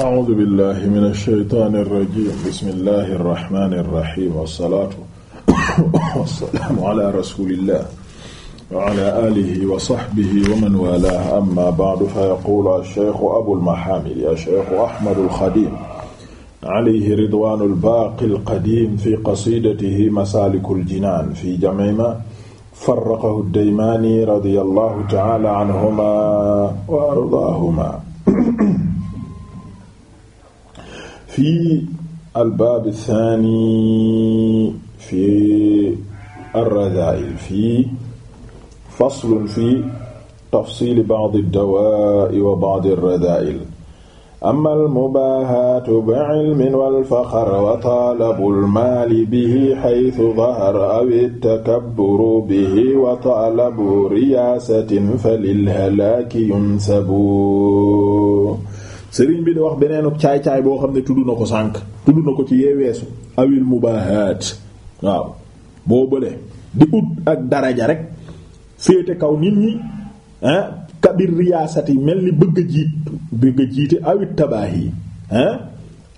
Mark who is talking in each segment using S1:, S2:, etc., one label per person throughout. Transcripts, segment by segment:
S1: a'uudu billahi min ash-shaytaani ar-rajiim bismillahi arrahmaani arrahiim wassalaatu wassalaamu ala rasuulillah wa ala aalihi wa sahbihi wa man waalaahu amma ba'du fa yaquulu ash-shaykhu abul mahaamid ash-shaykhu ahmadul xadiim alayhi ridwaanul baaqil qadiim fi qasiidatihi masaalikul jinaan fi jam'i maa farraqahu ad-daymaani radiyallahu ta'aalaa anhumaa wa ardaahumaa fi albaab thani fi arrazail fi faslun fi tafsili ba'd ad-dawaa'i wa ba'd ar-razaa'il amma al-mubaahaatu bi'ilmin wal-faxr wa talabul maali bihi haythu dhahara aw at-takabburu bihi wa talabu riyaasatin falil halaaki yunsabu sëriñ bi di wax beneenu caay-caay boo xam ne tudd na ko sànq tudd na ko ci weesu awil mubahat waaw boo bële di ut ak daraja rek féete kaw nit ñi ah kabir riyaasat mel ni bëgg a jiit bëgg a jiite awit tabaahi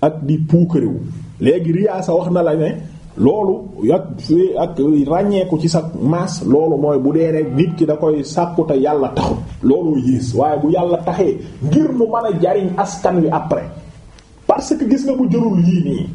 S1: ak di puukarewu léegi riyaasa wax na la ne loolu ak ak ràññeeku ci sa maas loolu mooy bu dee rek nit ki da koy sàkku te yàlla taxut looloo yées waaye bu yàlla taxee ngir mu mën a jariñ askan wi après parce que gis nga bu jërul yii nii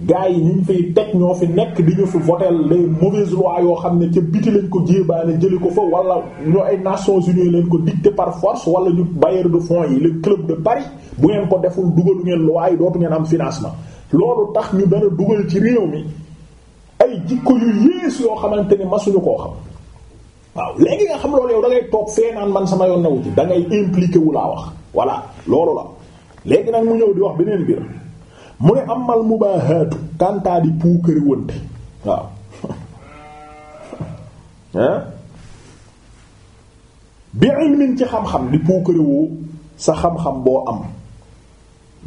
S1: gars yi ñu fiy teg ñoo fi nekk di ñu fi voter les mauvaises lois yoo xam ne ca biti lañ ko jéebaane jëli ko fa wala ñoo ay Nations Unies leen ko dicté par force wala ñu bailleurs de fonds yi le club de Paris bu ngeen ko deful dugalu ngeen loi yi dootu ngeen am financement loolu tax ñu dana dugal ci réew mi ay jikko yu yées yoo xamante ni masuñu koo xam waaw léegi nga xam loolu yow da ngay toog fee man sama yoon newu ci da ngay laa wax voilà loolu la léegi nag mu ñëw di wax beneen biir mu ne amal mubaahaatu kantaa di puukari wënte waaw ah bi ilmin ci xam-xam di puukariwoo sa xam-xam boo am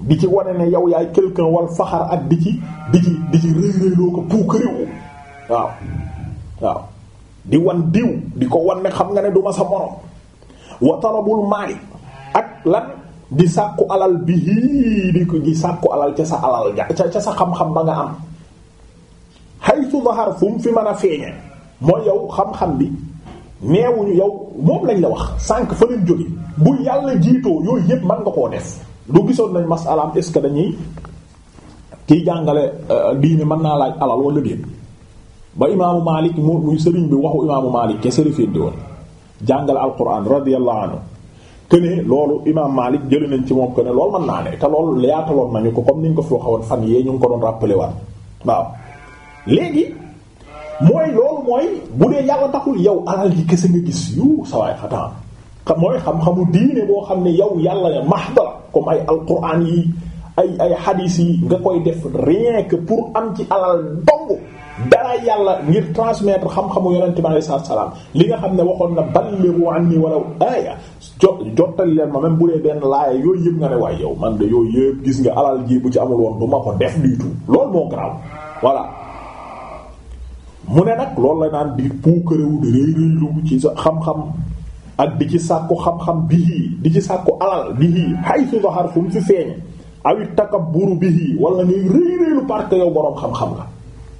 S1: di ci wone ne yow yaay quelqu'un wal faxar ak di ci di ci di ci réy ko puukariwu waaw waaw di wan diw di ko wan ne xam nga ne du ma sa morom wa maali ak lan di sàkku alal bi di ko di sàkku alal ca sa alal ja ca sa xam-xam ba nga am haytu zahar fu fi man a feeñe mooy yow xam-xam bi neewuñu yow moom lañ la wax sànq fa leen jóge bu yàlla jiitoo yooyu yëpp mën nga koo def du gisoon nañ masalaam est-ce que dañuy kiy jàngale euh, diine mën naa laaj alal wala déet ba imaamu Maalik mu muy sëriñ bi waxu imaamu Maalik ke sërifin di woon jàngale alquran radiyallahu anhu que ne loolu imaam Maalik jëli nañ ci moom que ne loolu mën naa ne te loolu yaataloon nañu ko comme niñ ko fi waxoon fan yee ñu ngi ko doon rappelé waat waaw léegi mooy loolu mooy bu dee yàlla taxul yow alal ji kese nga gis yu sawaay xataan mooy xam-xamu diine boo xam ne yow yàlla ne mahdala comme ay alquran yi ay ay hadith yi nga koy def rien que pour am ci alal dong dara yàlla ngir transmettre xam-xamu yonente bi alayhi li nga xam ne waxoon na ballighu anni walaw aaya jo leen ma même bu dee benn laaya yooyu yëpp nga ne waaye yow man de yooyu yëpp gis nga alal ji bu ci amul woon du ma ko def du tout loolu moo garaaw voilà mu ne nag loolu la naan di puukarewu de réy lu ci sa xam-xam ak di ci sàkku xam-xam bihi di ci sàkku alal bihi hay su zahar fu mu fi feeñ awit takabburu bihi wala ngay rëy rëylu parce que yow boroom xam-xam nga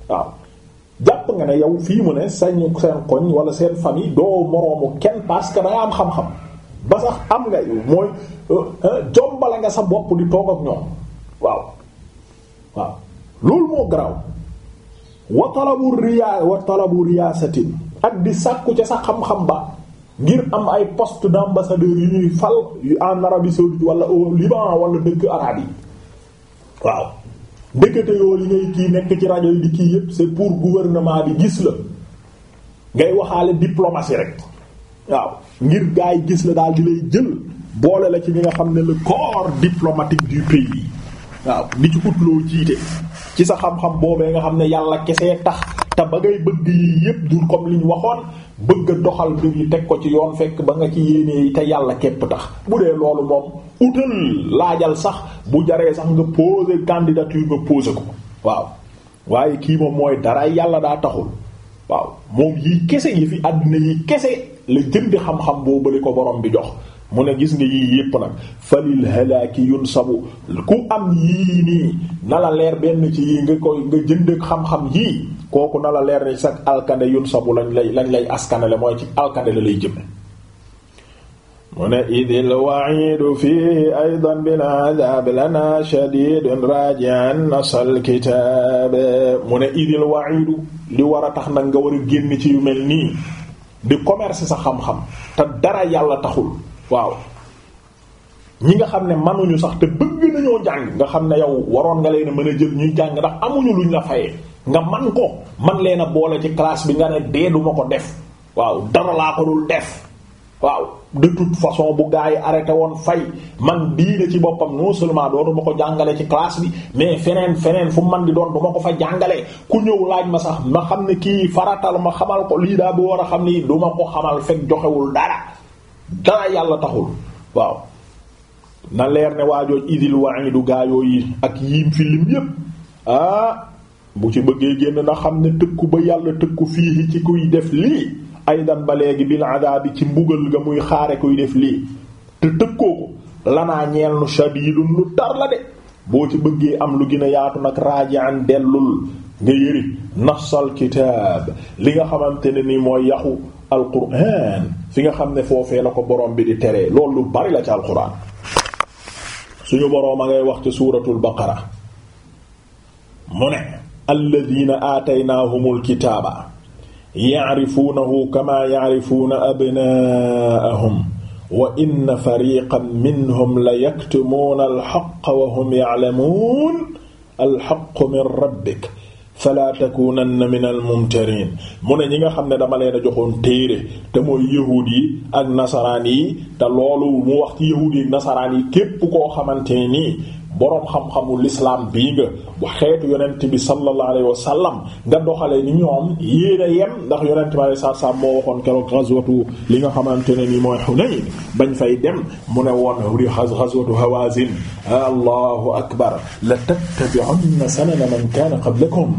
S1: waaw jàpp nga ne yow fii mu ne sañu seen koñ wala seen famille doo moroomu kenn parce que danga am xam-xam ba sax am nga mooy euh, euh, jombale nga sa bopp di toog ak ñoom waaw waaw loolu moo garaaw wa talabu riya wa ak di sàkku ca sax xam-xam ba ngir am ay poste d'ambassadeur yu ñuy fal yu en Arabie saoudite wala au Liban wala dëkk arabe yi waaw ndekete yoo li ngay kii nekk ci rajo yi di kii yépp c'est pour gouvernement bi gis la ngay waxaale diplomatie rek waaw ngir gaa yi gis la daal di lay jël boole la ci ñi nga xam ne le corps diplomatique du pays waaw di ci ut loo ci sa xam-xam boobee nga xam ne yàlla kese tax te ba ngay bëgg yi yépp du comme liñ waxoon bëgg a doxal mbir yi teg ko ci yoon fekk ba nga ci yéenee te yàlla képp tax bu dee loolu moom utal laajal sax bu jaree sax nga poser candidature nga poser ko waaw waaye kii moom mooy dara yàlla daa taxul waaw moom yi kese yi fi àddina yi kese la jënd xam-xam boo bëri ko borom bi jox mu ne gis nga yii yépp nag falil halaaki yunsabu ku am yii nii na leer benn ci yii nga koy nga jënd xam-xam yii kooku nala leer ne sax alkande yunsabu lañ lay lañ lay askanale mooy ci alkande la lay jëm mu ne idil wa'idu fihi aydan bil adab lana shadidun raji'an nasal kitab mu ne idil wa'idu li war a tax nag nga war a génn ci yu mel nii di commerce sa xam-xam te dara yàlla taxul waaw ñi nga xam ne manuñu sax te bëgg nañoo jàng nga xam ne yow waroon nga leen a mën a jël ñuy jàng ndax amuñu luñ la fayee nga man ko man leen a boole ci classe bi nga ne dee du ma ko def waaw dara laa ko dul def waaw de toute façon bu gaa yi arrêté woon fay man diine ci boppam non seulement dootuma ko jàngale ci classe bi mais feneen feneen fu man di doon du ma ko fa jàngale ku ñëw laaj ma sax ma xam ne kii faratal ma xamal ko lii daa bu war a xam ni du ma ko xamal fekk joxewul dara dara yàlla taxul waaw na leer ne waajooj idil du gaayoo yi ak yiim fi lim yépp ah bu ci bëggee génn na xam ne tëkku ba yàlla tëkku fii ci kuy def lii aydan ba léegi bil adaabi ci mbugal ga muy xaare kuy def lii te tëkkoo ko lanaa ñeel nu shadidun lu tar la de boo ci bëggee am lu gën a yaatu nag raaji'an dellul nga yëri nafsal kitaab li nga xamante ne ni mooy yaxu alquran fi nga xam ne foofee la ko borom bi di teree loolu lu bari la ci alquran suñu boroom a ngay wax ci suuratul baqara mu ne alladina aataynaahumul kitaaba yacrifuunahu kama yacrifuuna abnaahum wa inna fariqan minhum la yaktumuuna alxaqa wa hum yaclamuun alxaqu min rabbik fala takunanna min al mumtarin mu ne ñi nga xam ne dama leen a joxoon téere te mooy yahuud yi ak nasaraan yi te loolu mu wax ci yahuud yi ak nasaraan yi képp koo xamante nii boroom xam-xamu lislaam bii nga bu xeetu yonent bi sallallahu alayhi wa sallam nga doxalee ni ñoom yéen a yem ndax yonent bi alayhi salaatu salaam moo waxoon keroog ghazwatu li nga xamante ne ni mooy Hunayn bañ fay dem mu ne woon ri ghazwatu Hawazin allahu akbar la tattabi'unna sanana man kaana qablakum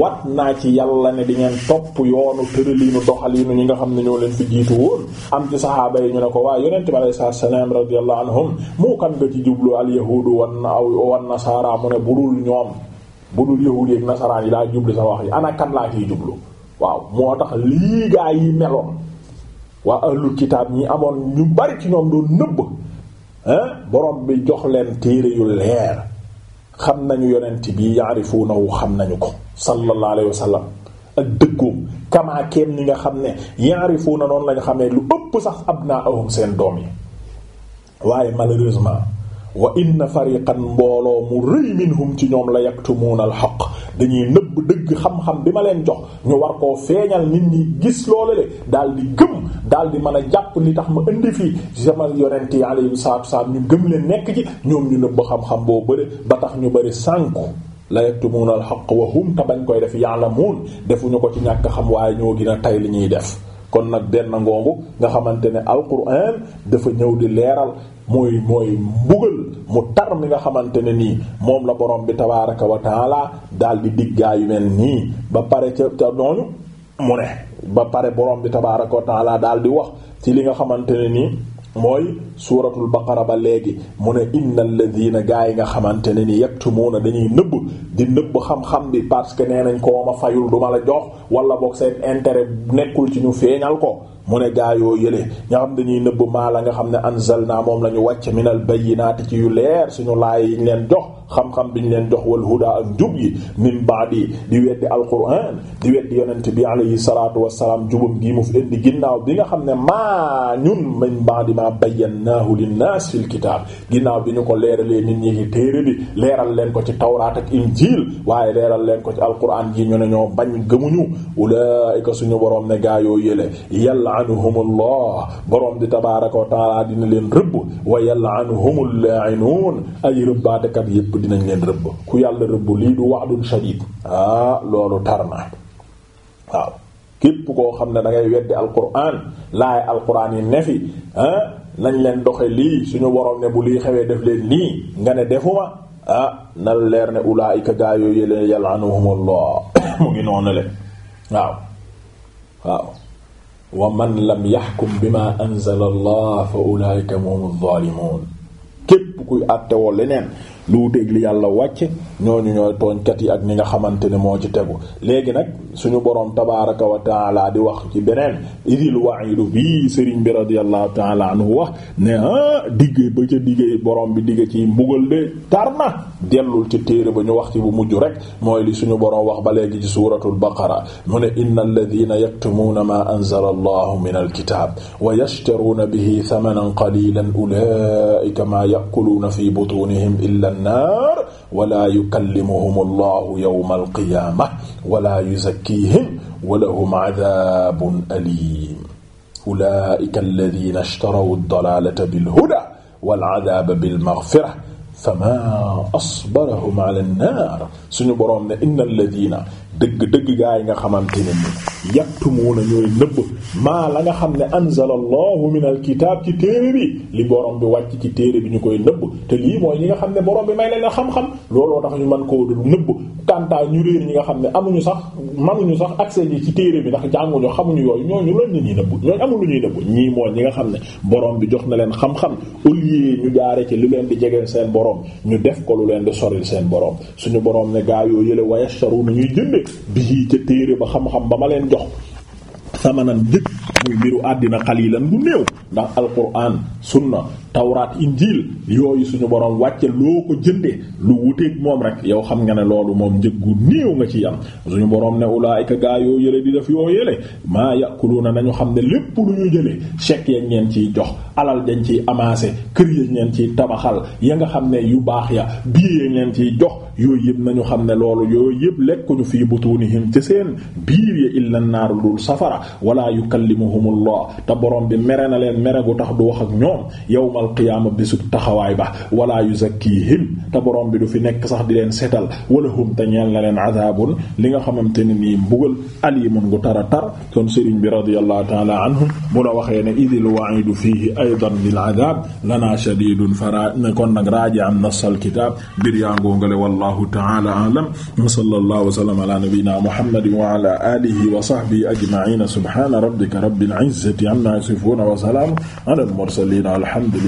S1: wat naa ci yàlla ne di ngeen topp yoonu tëraliinu doxaliinu ñi nga xam ne ñoo leen fi jiitu woon am ci saxaaba yi ñu ne ko waaye yonent bi alayhi salaatu salaam radiyallahu anhum moo kan nga ci jublu al waaw wan nasaara mu ne budul ñoom budul yahuudi ak nasaraan yi daa jublu sa wax yi ana laa ciy jublu waaw moo tax lii gaa yi meloon waa ahlul kitaab ñi amoon ñu bari ci ñoom doon nëbb hein borom bi jox leen téere yu leer xam nañu yonent bi yaarifuunahu xam nañu ko sallallahu alayhi wa ak dëggoom kamaa kenn ñi nga xam ne yaarifuuna noonu lañu xamee lu ëpp sax abnaahum seen doom yi waaye malheureusement wa inna fariqan mbooloo mu rëy minhum ci ñoom la yaktumuuna alxaq dañuy nëbb dëgg xam-xam bi ma leen jox ñu war koo feeñal nit ñi gis loolu le daal di gëm daal di mën a jàpp li tax ma indi fii jamal yonent yi alayhi salaatu wassalaam ñu gëm leen nekk ci ñoom ñu nëbb xam-xam boo bëri ba tax ñu bari sànku la yaktumuuna alxaq wa hum te bañ koy def ya'lamuun defuñu ko ci ñàkk xam waaye ñoo gën a tay li ñuy def kon nag benn ngongu nga xamante ne alquran dafa ñëw di leeral mooy mooy mbugal mu tar mi nga xamante ne nii moom la borom bi tabaraka wa taala daal di diggaa yu mel nii ba pare ca ca noonu mu ne ba pare borom bi tabaraka wa taala daal di wax ci li nga xamante ne nii mooy suuratul baqara ba léegi mu ne innal ladina gaa yi nga xamante ne ni na dañuy nëbb di nëbb xam-xam bi parce que nee nañ ko ma fayul duma la jox wala boog seen intérêt nekkul ci ñu feeñal ko mu ne gaa yoo yële nga xam dañuy nëbb maa la nga xam ne anzalna moom la ñu wàcc minal bayyinaati ci yu leer suñu laay yiñ leen jox xam-xam bi ñu leen jox wal huda ak njub yi min baadi di weddi alquran di weddi yonent bi alayhi salaatu wassalaam jubam gii mu fi indi ginnaaw bi nga xam ne maa ñun min baadi maa bayyannaahu linnaas fil kitaab ginnaaw bi ñu ko leeralee nit ñi ngi téere bi leeral leen ko ci tawraat ak injiil waaye leeral leen ko ci alquran ji ñu ne ñoo bañ gëmuñu ulaa'ika suñu borom ne gaa yoo yële yal'anuhumullah borom di tabaaraka wa ta'aala dina leen rëbb wa yal'anuhumul laa'inuun ay rëbbaatekat yépp dinañ leen rëbb ku yàlla rëbb lii du wa'dun shadid ah loolu tar na waaw képp koo xam ne dangay ngay weddi alquran laay alquran yi ne fi ah, nañ leen doxe lii suñu waroon ne bu lii xewee def leen nii nga ne defuma ah na leer ne ulaayika gaa yooyu yële yal'anuhumullah mu ngi noonu le waaw waaw wa man lam yaxkum bima anzala allah fa ulaayika humu zalimun képp kuy àttewoo leneen lu wuteeg li yàlla wàcce ñooñu ñooy tooñkat yi ak ni nga xamante ne moo ci tegu léegi nag suñu borom tabaraka wa taala di wax ci beneen idil wa'idu bii sëriñ bi radiyallahu taala anhu wax ne ah digge ba ca digge borom bi digge ci mbugal de tar na dellul ci téere ba ñu wax ci bu mujj rek mooy li suñu borom wax ba léegi ci suratul baqara mu ne inna alladina yaktumuuna ma anzala allahu min alkitab wa yashtaruuna bihi thamanan qalilan ulaika ma ya'kuluna fi butunihim naar wala yukallimuhum allahu yawma alqiyaama wala yuzakkiihim wa lahum adaabun aliim ulaa'ika alladiina ishtaraw ad-dalaalata bil-hudaa wal-adaaba bil-maghfira famaa asbarahum ala an-naar suñu boroom ne inna alladiina dëgg dëgg gaa yi nga xamante ne ni yaktumuuna ñooy nëbb maa la nga xam ne anzalallahu minal kitaab ci téere bi li borom bi wàcc ci téere bi ñu koy nëbb te lii mooy ñi nga xam ne borom bi may leen xam-xam looloo tax ñu mën koo nëbb kantaa ñu réer ñi nga xam ne amuñu sax manuñu sax accès yi ci téere bi ndax jànguñu xamuñu yooyu ñooñu loñ ne ñuy nëbb ñooñu amul lu ñuy nëbb ñii mooy ñi nga xam ne borom bi jox na leen xam-xam au lieu ñu jaare ci lu leen di seen borom ñu def ko lu leen di soril seen borom suñu borom ne gaa bi bii ca téere ba xam-xam ba ma leen jox sama samanan jëkk muy mbiru àddina xalilan bu néew ndax alquran sunna tawraat injiil yooyu suñu borom wàcce loo ko jëndee lu wuteeg moom rek yow xam nga ne loolu moom njëggu néew nga ci yam suñu borom ne ulaayika gaa yoo yële di def yoo yële maa yàquluna nañu xam ne lépp lu ñu jëlee chèque ya ngeen ciy jox alal dañ ciy amassé kër ya ngeen ciy tabaxal ya nga xam ne yu baax ya bii ya ngeen ciy jox yooyu yëpp nañu xam ne loolu yooyu yëpp lekkuñu fii butunihim ci seen biir ya illa naar dul safara yu wala yukallimuhumullah te boroom bi mere na leen mere gu tax du wax ak ñoom yawmal yawmal qiyaama bésub taxawaay ba wala yuzakkihim te borom bi du fi nekk sax di leen setal wala hum te ñeel na leen adaabun li nga xamante ne nii mbugal alimun gu tara tar kon sëriñ bi radiyallahu taala anhum bu la waxee ne idil wa'idu fiihi aydan lil adaab lana shadiidun fara kon nag raaji'an nassal kitaab bir yaa ngoongale wallahu taala a'lam wa sallallahu wa sallam ala nabiyyina muhammadin wa ala alihi wa sahbihi ajma'in subhana rabbika rabbil izzati amma yasifun wa salamun ala al mursalin alhamdulillah